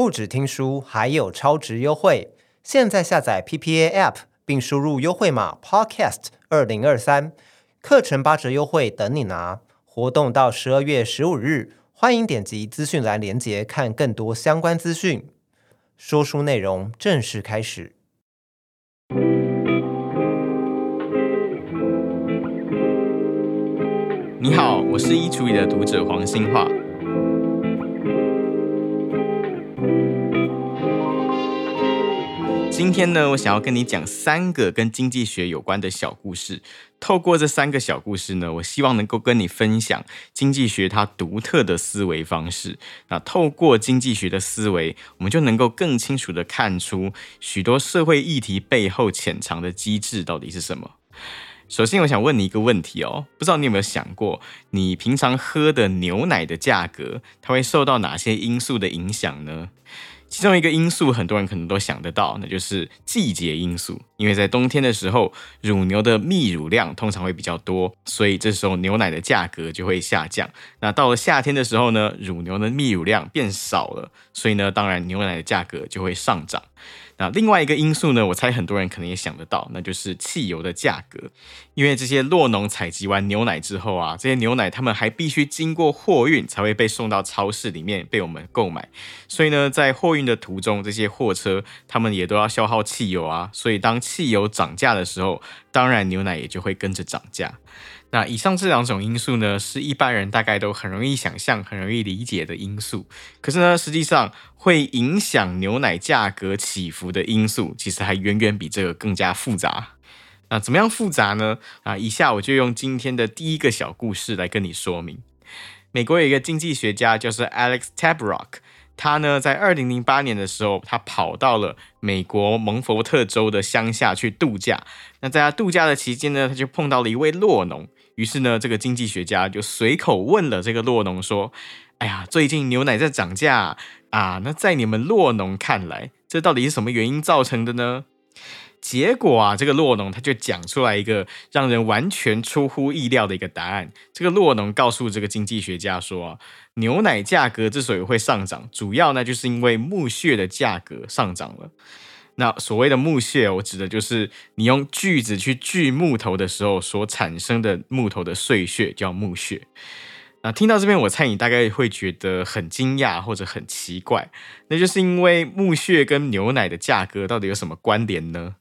不止聽書，還有超值優惠！現在下載 PPA App，並輸入優惠碼 Podcast 二零二三，課程八折優惠等你拿！活動到十二月十五日，歡迎點擊資訊欄鏈接看更多相關資訊。說書內容正式開始。你好，我是衣櫥裡的讀者黃星樺。今天呢，我想要跟你講三個跟經濟學有關的小故事。透過這三個小故事呢，我希望能夠跟你分享經濟學它獨特的思維方式。那透過經濟學的思維，我們就能夠更清楚地看出許多社會議題背後潛藏的機制到底是什麼。首先，我想問你一個問題哦，不知道你有沒有想過，你平常喝的牛奶的價格，它會受到哪些因素的影響呢？其中一個因素，很多人可能都想得到，那就是季節因素。因為在冬天的時候，乳牛的泌乳量通常會比較多，所以這時候牛奶的價格就會下降。那到了夏天的時候呢，乳牛的泌乳量變少了，所以呢，當然牛奶的價格就會上漲。那另外一個因素呢？我猜很多人可能也想得到，那就是汽油的價格。因為這些酪農採集完牛奶之後啊，這些牛奶他們還必須經過貨運才會被送到超市裡面被我們購買。所以呢，在貨運的途中，這些貨車他們也都要消耗汽油啊。所以當汽油漲價的時候，當然牛奶也就會跟着漲價。那以上這兩種因素呢，是一般人大概都很容易想象、很容易理解的因素。可是呢，實際上會影響牛奶價格起伏的因素，其實還遠遠比這個更加複雜。那怎麼樣複雜呢？啊，以下我就用今天的第一個小故事來跟你說明。美國有一個經濟學家，就是 Alex Tabarrok。他呢在二零零八年的時候，他跑到了美國蒙佛特州的鄉下去度假。那在他度假的期間呢，他就碰到了一位酪農。於是呢，這個經濟學家就隨口問了這個酪農說：“哎呀，最近牛奶在漲價啊，那在你們酪農看來，這到底是什麼原因造成的呢？”結果啊，這個酪農他就講出來一個讓人完全出乎意料的一個答案。這個酪農告訴這個經濟學家說：“啊，牛奶價格之所以會上漲，主要呢就是因為木屑的價格上漲了。”那所謂的木屑哦，我指的就是你用鋸子去鋸木頭的時候所產生的木頭的碎屑，叫木屑。那聽到這邊，我猜你大概會覺得很驚訝或者很奇怪，那就是因為木屑跟牛奶的價格到底有什麼關聯呢？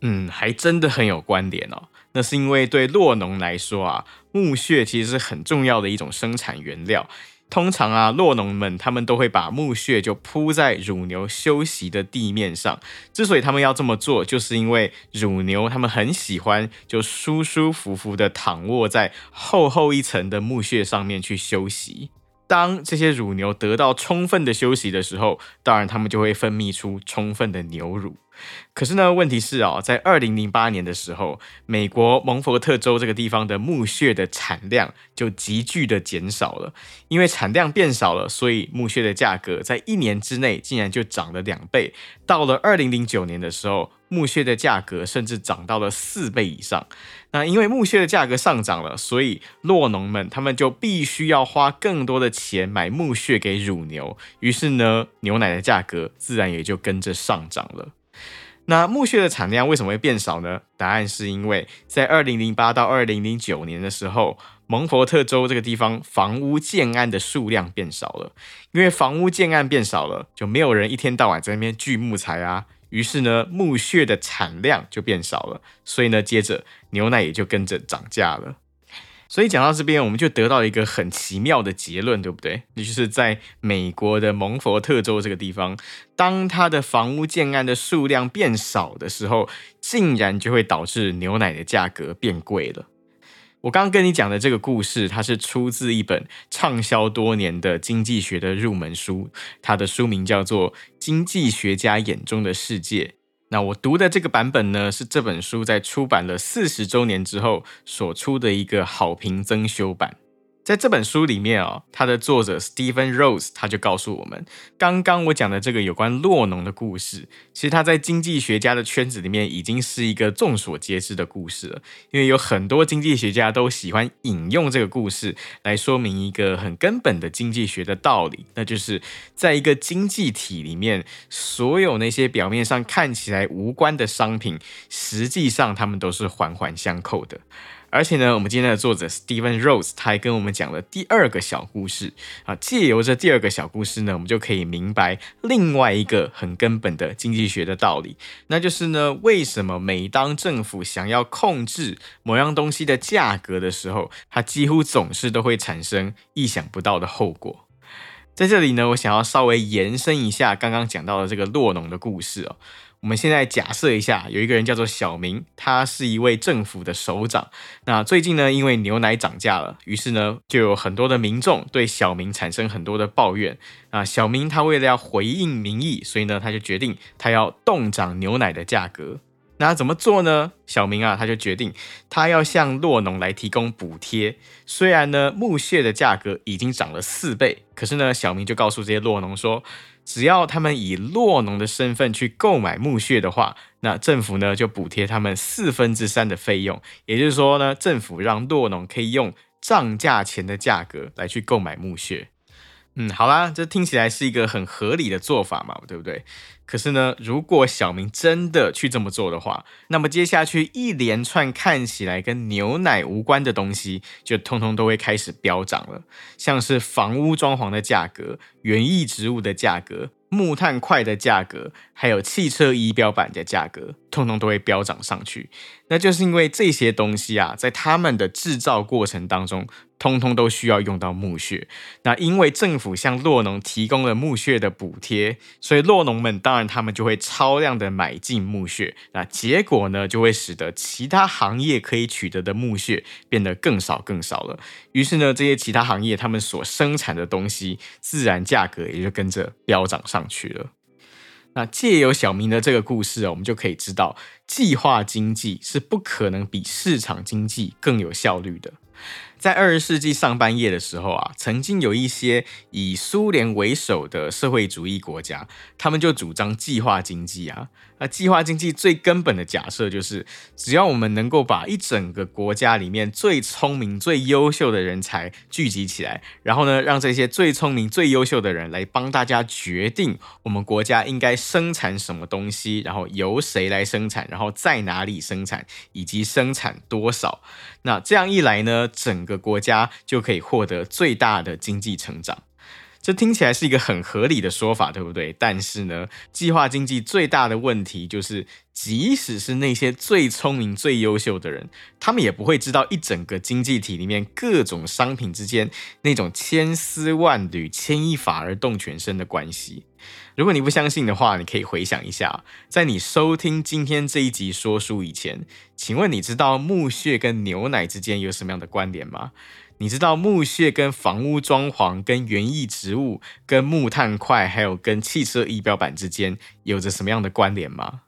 嗯，還真的很有關聯哦。那是因為對酪農來說啊，木屑其實是很重要的一種生產原料。通常啊，酪農們他們都會把木屑就鋪在乳牛休息的地面上。之所以他們要這麼做，就是因為乳牛他們很喜歡就舒舒服服的躺臥在厚厚一層的木屑上面去休息。當這些乳牛得到充分的休息的時候，當然他們就會分泌出充分的牛乳。可是呢，問題是啊、哦，在二零零八年的時候，美國蒙佛特州這個地方的木屑的產量就急劇的減少了，因為產量變少了，所以木屑的價格在一年之內竟然就漲了兩倍。到了二零零九年的時候，木屑的價格甚至漲到了四倍以上。那因為木屑的價格上漲了，所以酪農們他們就必須要花更多的錢買木屑給乳牛，於是呢，牛奶的價格自然也就跟着上漲了。那木屑的產量為什麼會變少呢？答案是因為在二零零八到二零零九年的時候，蒙佛特州這個地方房屋建案的數量變少了，因為房屋建案變少了，就沒有人一天到晚在那邊鋸木材啊。於是呢，木屑的產量就變少了，所以呢，接着牛奶也就跟着漲價了。所以講到這邊，我們就得到一個很奇妙的結論，對不對？也就是在美國的佛蒙特州這個地方，當它的房屋建案的數量變少的時候，竟然就會導致牛奶的價格變貴了。我剛剛跟你講的這個故事，它是出自一本暢銷多年的經濟學的入門書，它的書名叫做《經濟學家眼中的世界》。那我讀的這個版本呢，是這本書在出版了四十周年之後所出的一個好評增修版。在這本書裡面，他它的作者 Steven Rose 他就告訴我們，剛剛我講的這個有關酪農的故事，其實他在經濟學家的圈子裡面已經是一個眾所皆知的故事了，因為有很多經濟學家都喜歡引用這個故事來說明一個很根本的經濟學的道理，那就是在一個經濟體裡面，所有那些表面上看起來無關的商品，實際上它們都是環環相扣的。而且呢，我們今天的作者 Steven Rose 他還跟我們講了第二個小故事啊。借由這第二個小故事呢，我們就可以明白另外一個很根本的經濟學的道理，那就是呢，為什麼每當政府想要控制某樣東西的價格的時候，它幾乎總是都會產生意想不到的後果。在這裡呢，我想要稍微延伸一下剛剛講到的這個酪農的故事哦。我們現在假設一下，有一個人叫做小明，他是一位政府的首長。那最近呢，因為牛奶漲價了，於是呢，就有很多的民眾對小明產生很多的抱怨。啊，小明他為了要回應民意，所以呢，他就決定他要凍漲牛奶的價格。那怎麼做呢？小明啊，他就決定他要向酪農來提供補貼。雖然呢，木屑的價格已經漲了四倍，可是呢，小明就告訴這些酪農說，只要他們以酪農的身份去購買木屑的話，那政府呢就補貼他們四分之三的費用。也就是說呢，政府讓酪農可以用漲價前的價格來去購買木屑。嗯，好啦，這聽起來是一個很合理的做法嘛，對不對？可是呢，如果小明真的去這麼做的話，那麼接下去一連串看起來跟牛奶無關的東西，就通通都會開始飆漲了，像是房屋裝潢的價格、園藝植物的價格、木炭塊的價格，還有汽車儀表板的價格。通通都會飆漲上去，那就是因為這些東西啊，在他們的製造過程當中，通通都需要用到木屑。那因為政府向酪農提供了木屑的補貼，所以酪農們當然他們就會超量的買進木屑。那結果呢，就會使得其他行業可以取得的木屑變得更少更少了。於是呢，這些其他行業他們所生產的東西，自然價格也就跟着飆漲上去了。那借由小明的這個故事啊、哦，我們就可以知道，計劃經濟是不可能比市場經濟更有效率的。在二十世紀上半葉的時候啊，曾經有一些以蘇聯為首的社會主義國家，他們就主張計劃經濟啊。那計劃經濟最根本的假設就是，只要我們能夠把一整個國家裡面最聰明、最優秀的人才聚集起來，然後呢，讓這些最聰明、最優秀的人來幫大家決定我們國家應該生產什麼東西，然後由誰來生產，然後在哪裡生產，以及生產多少。那這樣一來呢，整個國家就可以獲得最大的經濟成長。這聽起來是一個很合理的說法，對不對？但是呢，計劃經濟最大的問題就是，即使是那些最聰明、最優秀的人，他們也不會知道一整個經濟體裡面各種商品之間那種千絲萬縷、牽一髮而動全身的關係。如果你不相信的話，你可以回想一下，在你收聽今天這一集說書以前，請問你知道木屑跟牛奶之間有什麼樣的關聯嗎？你知道木屑跟房屋裝潢、跟園藝植物、跟木炭塊，還有跟汽車儀表板之間有着什麼樣的關聯嗎？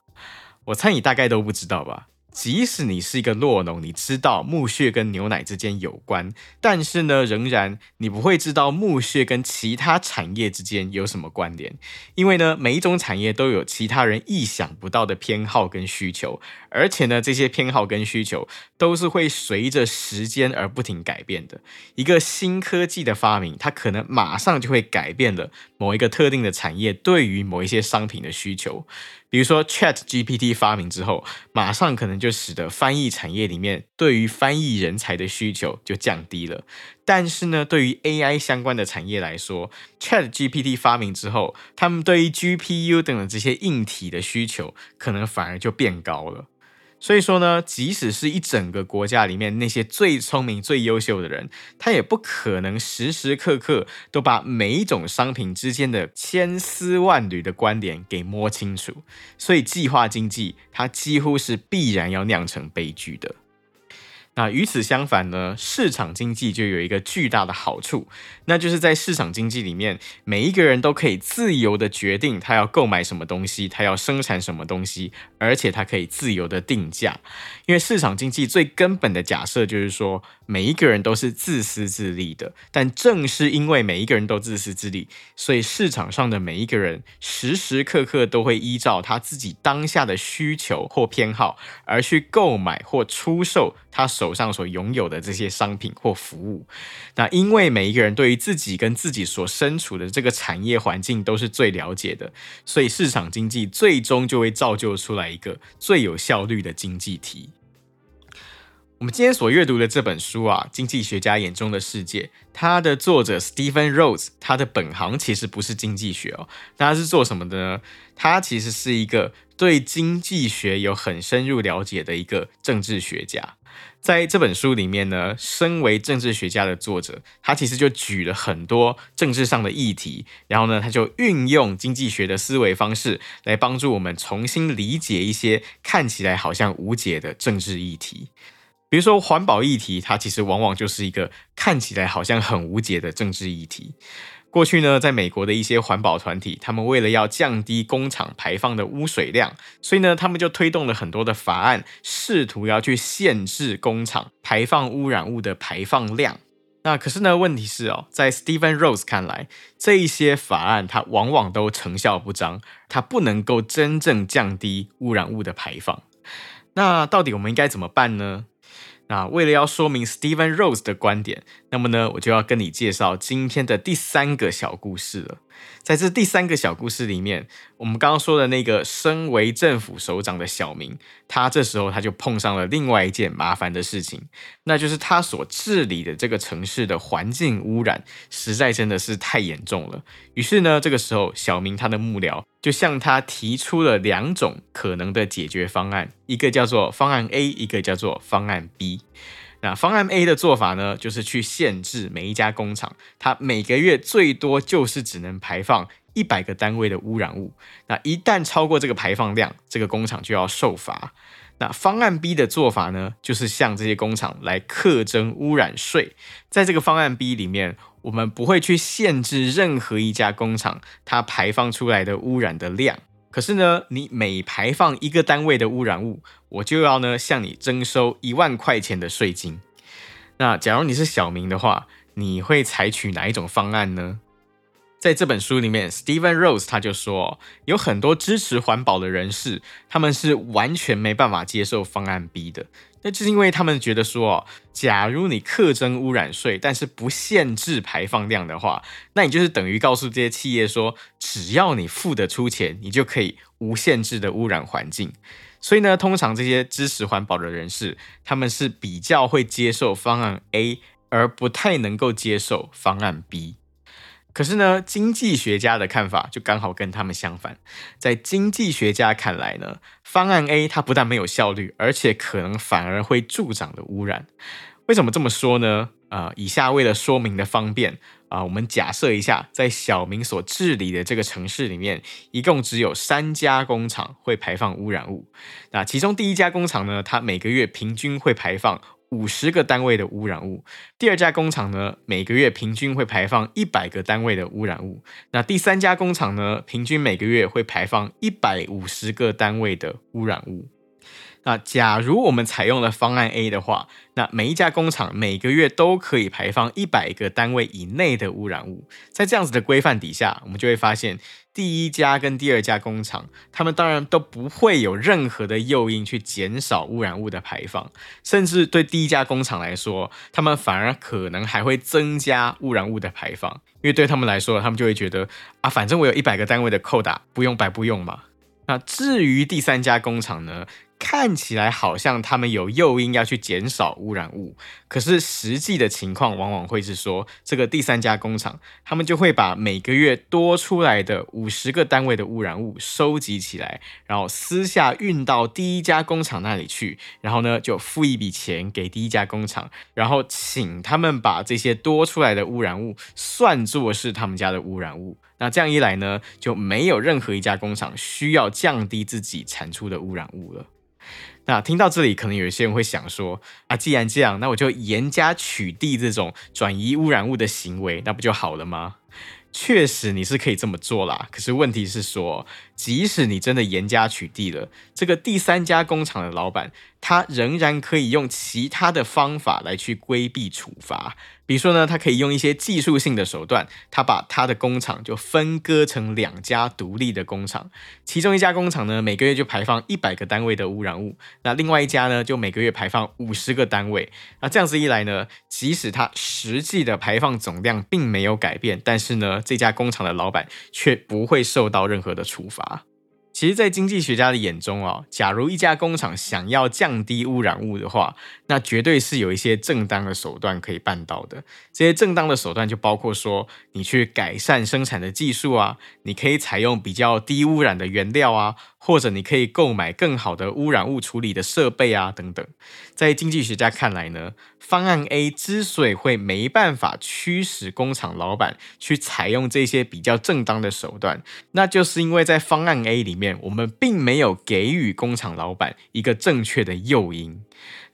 我猜你大概都不知道吧。即使你是一個酪農，你知道木屑跟牛奶之間有關，但是呢，仍然你不會知道木屑跟其他產業之間有什麼關聯，因為呢，每一種產業都有其他人意想不到的偏好跟需求，而且呢，這些偏好跟需求都是會隨着時間而不停改變的。一個新科技的發明，它可能馬上就會改變了某一個特定的產業對於某一些商品的需求。比如說，Chat GPT 發明之後，馬上可能就使得翻譯產業裡面對於翻譯人才的需求就降低了。但是呢，對於 AI 相關的產業來說，Chat GPT 發明之後，他們對於 GPU 等的這些硬體的需求，可能反而就變高了。所以說呢，即使是一整個國家裡面那些最聰明、最優秀的人，他也不可能時時刻刻都把每一種商品之間的千絲萬縷的關聯給摸清楚。所以，計劃經濟它幾乎是必然要釀成悲劇的。那與此相反呢，市場經濟就有一個巨大的好處，那就是在市場經濟裡面，每一個人都可以自由的決定他要購買什麼東西，他要生產什麼東西，而且他可以自由的定價。因為市場經濟最根本的假設就是說，每一個人都是自私自利的。但正是因為每一個人都自私自利，所以市場上的每一個人時時刻刻都會依照他自己當下的需求或偏好而去購買或出售他所手上所擁有的這些商品或服務，那因為每一個人對於自己跟自己所身處的這個產業環境都是最了解的，所以市場經濟最終就會造就出來一個最有效率的經濟體。我們今天所閱讀的這本書啊，《經濟學家眼中的世界》，它的作者 Stephen Rhodes，他的本行其實不是經濟學哦，那他是做什麼的呢？他其實是一個對經濟學有很深入了解的一個政治學家。在這本書裡面呢，身為政治學家的作者，他其實就舉了很多政治上的議題，然後呢，他就運用經濟學的思維方式來幫助我們重新理解一些看起來好像無解的政治議題，比如說環保議題，它其實往往就是一個看起來好像很無解的政治議題。過去呢，在美國的一些環保團體，他們為了要降低工廠排放的污水量，所以呢，他們就推動了很多的法案，試圖要去限制工廠排放污染物的排放量。那可是呢，問題是哦，在 Stephen Rose 看來，這一些法案它往往都成效不彰，它不能夠真正降低污染物的排放。那到底我們應該怎麼辦呢？啊，為了要說明 Steven Rose 的觀點，那麼呢，我就要跟你介紹今天的第三個小故事了。在這第三個小故事裡面，我們剛剛說的那個身為政府首長的小明，他這時候他就碰上了另外一件麻煩的事情，那就是他所治理的這個城市的環境污染實在真的是太嚴重了。於是呢，這個時候小明他的幕僚就向他提出了兩種可能的解決方案，一個叫做方案 A，一個叫做方案 B。那方案 A 的做法呢，就是去限制每一家工廠，它每個月最多就是只能排放一百個單位的污染物。那一旦超過這個排放量，這個工廠就要受罰。那方案 B 的做法呢，就是向這些工廠來課徵污染稅。在這個方案 B 裡面，我們不會去限制任何一家工廠它排放出來的污染的量。可是呢，你每排放一個單位的污染物，我就要呢向你徵收一萬塊錢的稅金。那假如你是小明的話，你會採取哪一種方案呢？在這本書裡面，Steven Rose 他就說哦，有很多支持環保的人士，他們是完全沒辦法接受方案 B 的。那就是因為他們覺得說哦，假如你課徵污染稅，但是不限制排放量的話，那你就是等於告訴這些企業說，只要你付得出錢，你就可以無限制的污染環境。所以呢，通常這些支持環保的人士，他們是比較會接受方案 A，而不太能夠接受方案 B。可是呢，經濟學家的看法就剛好跟他們相反。在經濟學家看來呢，方案 A 它不但沒有效率，而且可能反而會助長的污染。為什麼這麼說呢？啊、呃，以下為了說明的方便啊、呃，我們假設一下，在小明所治理的這個城市裡面，一共只有三家工廠會排放污染物。那其中第一家工廠呢，它每個月平均會排放，五十個單位的污染物，第二家工廠呢，每個月平均會排放一百個單位的污染物，那第三家工廠呢，平均每個月會排放一百五十個單位的污染物。那假如我們採用了方案 A 的話，那每一家工廠每個月都可以排放一百個單位以內的污染物。在這樣子的規範底下，我們就會發現，第一家跟第二家工廠，他們當然都不會有任何的誘因去減少污染物的排放，甚至對第一家工廠來說，他們反而可能還會增加污染物的排放，因為對他們來說，他們就會覺得啊，反正我有一百個單位的扣打，不用白不用嘛。那至於第三家工廠呢？看起來好像他們有誘因要去減少污染物，可是實際的情況往往會是說，這個第三家工廠，他們就會把每個月多出來的五十個單位的污染物收集起來，然後私下運到第一家工廠那裡去，然後呢就付一筆錢給第一家工廠，然後請他們把這些多出來的污染物算作是他們家的污染物。那這樣一來呢，就沒有任何一家工廠需要降低自己產出的污染物了。那聽到這裡，可能有些人會想說：啊，既然這樣，那我就嚴加取締這種轉移污染物的行為，那不就好了嗎？確實，你是可以這麼做啦。可是問題是說，即使你真的嚴加取締了，這個第三家工廠的老闆，他仍然可以用其他的方法來去規避處罰。比如說呢，他可以用一些技術性的手段，他把他的工廠就分割成兩家獨立的工廠，其中一家工廠呢，每個月就排放一百個單位的污染物，那另外一家呢，就每個月排放五十個單位。那這樣子一來呢，即使他實際的排放總量並沒有改變，但是呢，這家工廠的老闆卻不會受到任何的處罰。其實，在經濟學家的眼中啊，假如一家工廠想要降低污染物的話，那絕對是有一些正當的手段可以辦到的。這些正當的手段就包括說，你去改善生產的技術啊，你可以採用比較低污染的原料啊。或者你可以購買更好的污染物處理的設備啊，等等。在經濟學家看來呢，方案 A 之所以會沒辦法驅使工廠老板去採用這些比較正當的手段，那就是因為在方案 A 裡面，我們並沒有給予工廠老板一個正確的誘因。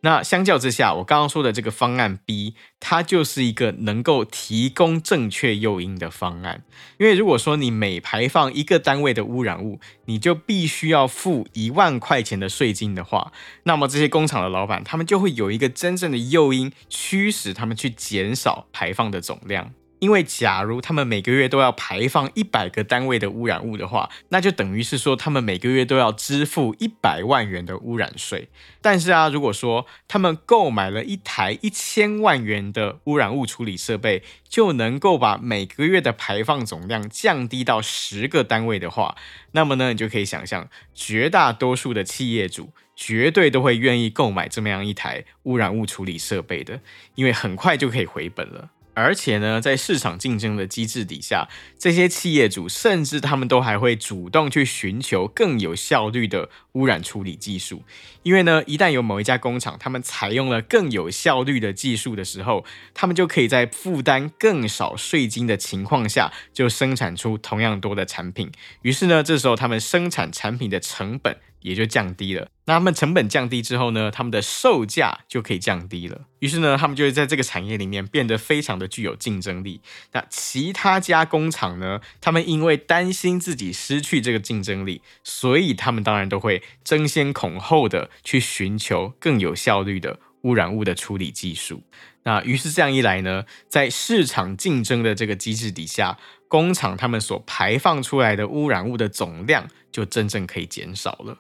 那相較之下，我剛剛說的這個方案 B，它就是一個能夠提供正確誘因的方案。因為如果說你每排放一個單位的污染物，你就必須要付一萬塊錢的稅金的話，那麼這些工廠的老闆，他們就會有一個真正的誘因，驅使他們去減少排放的總量。因為，假如他們每個月都要排放一百個單位的污染物的話，那就等於是說他們每個月都要支付一百萬元的污染稅。但是啊，如果說他們購買了一台一千萬元的污染物處理設備，就能夠把每個月的排放總量降低到十個單位的話，那麼呢，你就可以想象，絕大多數的企業主絕對都會願意購買這麼樣一台污染物處理設備的，因為很快就可以回本了。而且呢，在市場競爭的機制底下，這些企業主甚至他們都還會主動去尋求更有效率的污染處理技術，因為呢，一旦有某一家工廠他們採用了更有效率的技術的時候，他們就可以在負擔更少稅金的情況下，就生產出同樣多的產品。於是呢，這時候他們生產產品的成本。也就降低了。那他們成本降低之後呢，他們的售價就可以降低了。於是呢，他們就會在這個產業裡面變得非常的具有競爭力。那其他家工廠呢，他們因為擔心自己失去這個競爭力，所以他們當然都會爭先恐後的去尋求更有效率的污染物的處理技術。那於是這樣一來呢，在市場競爭的這個機制底下，工廠他們所排放出來的污染物的總量就真正可以減少了。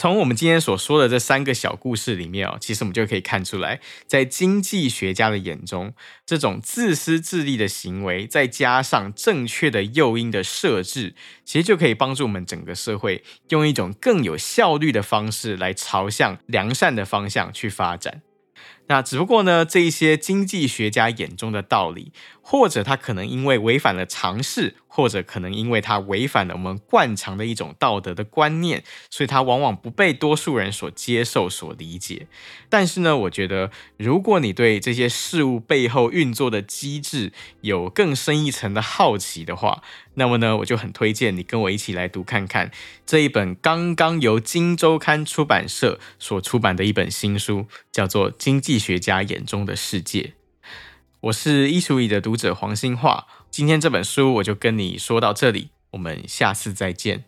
從我們今天所說的這三個小故事裡面哦，其實我們就可以看出來，在經濟學家的眼中，這種自私自利的行為，再加上正確的誘因的設置，其實就可以幫助我們整個社會用一種更有效率的方式來朝向良善的方向去發展。那只不過呢，這一些經濟學家眼中的道理，或者他可能因為違反了常識，或者可能因為他違反了我們慣常的一種道德的觀念，所以他往往不被多數人所接受、所理解。但是呢，我覺得如果你對這些事物背後運作的機制有更深一層的好奇的話，那麼呢，我就很推薦你跟我一起來讀看看這一本剛剛由今周刊出版社所出版的一本新書，叫做《經濟學家眼中的世界》。我是《藝術一》的讀者黃星樺，今天這本書我就跟你說到這裡，我們下次再見。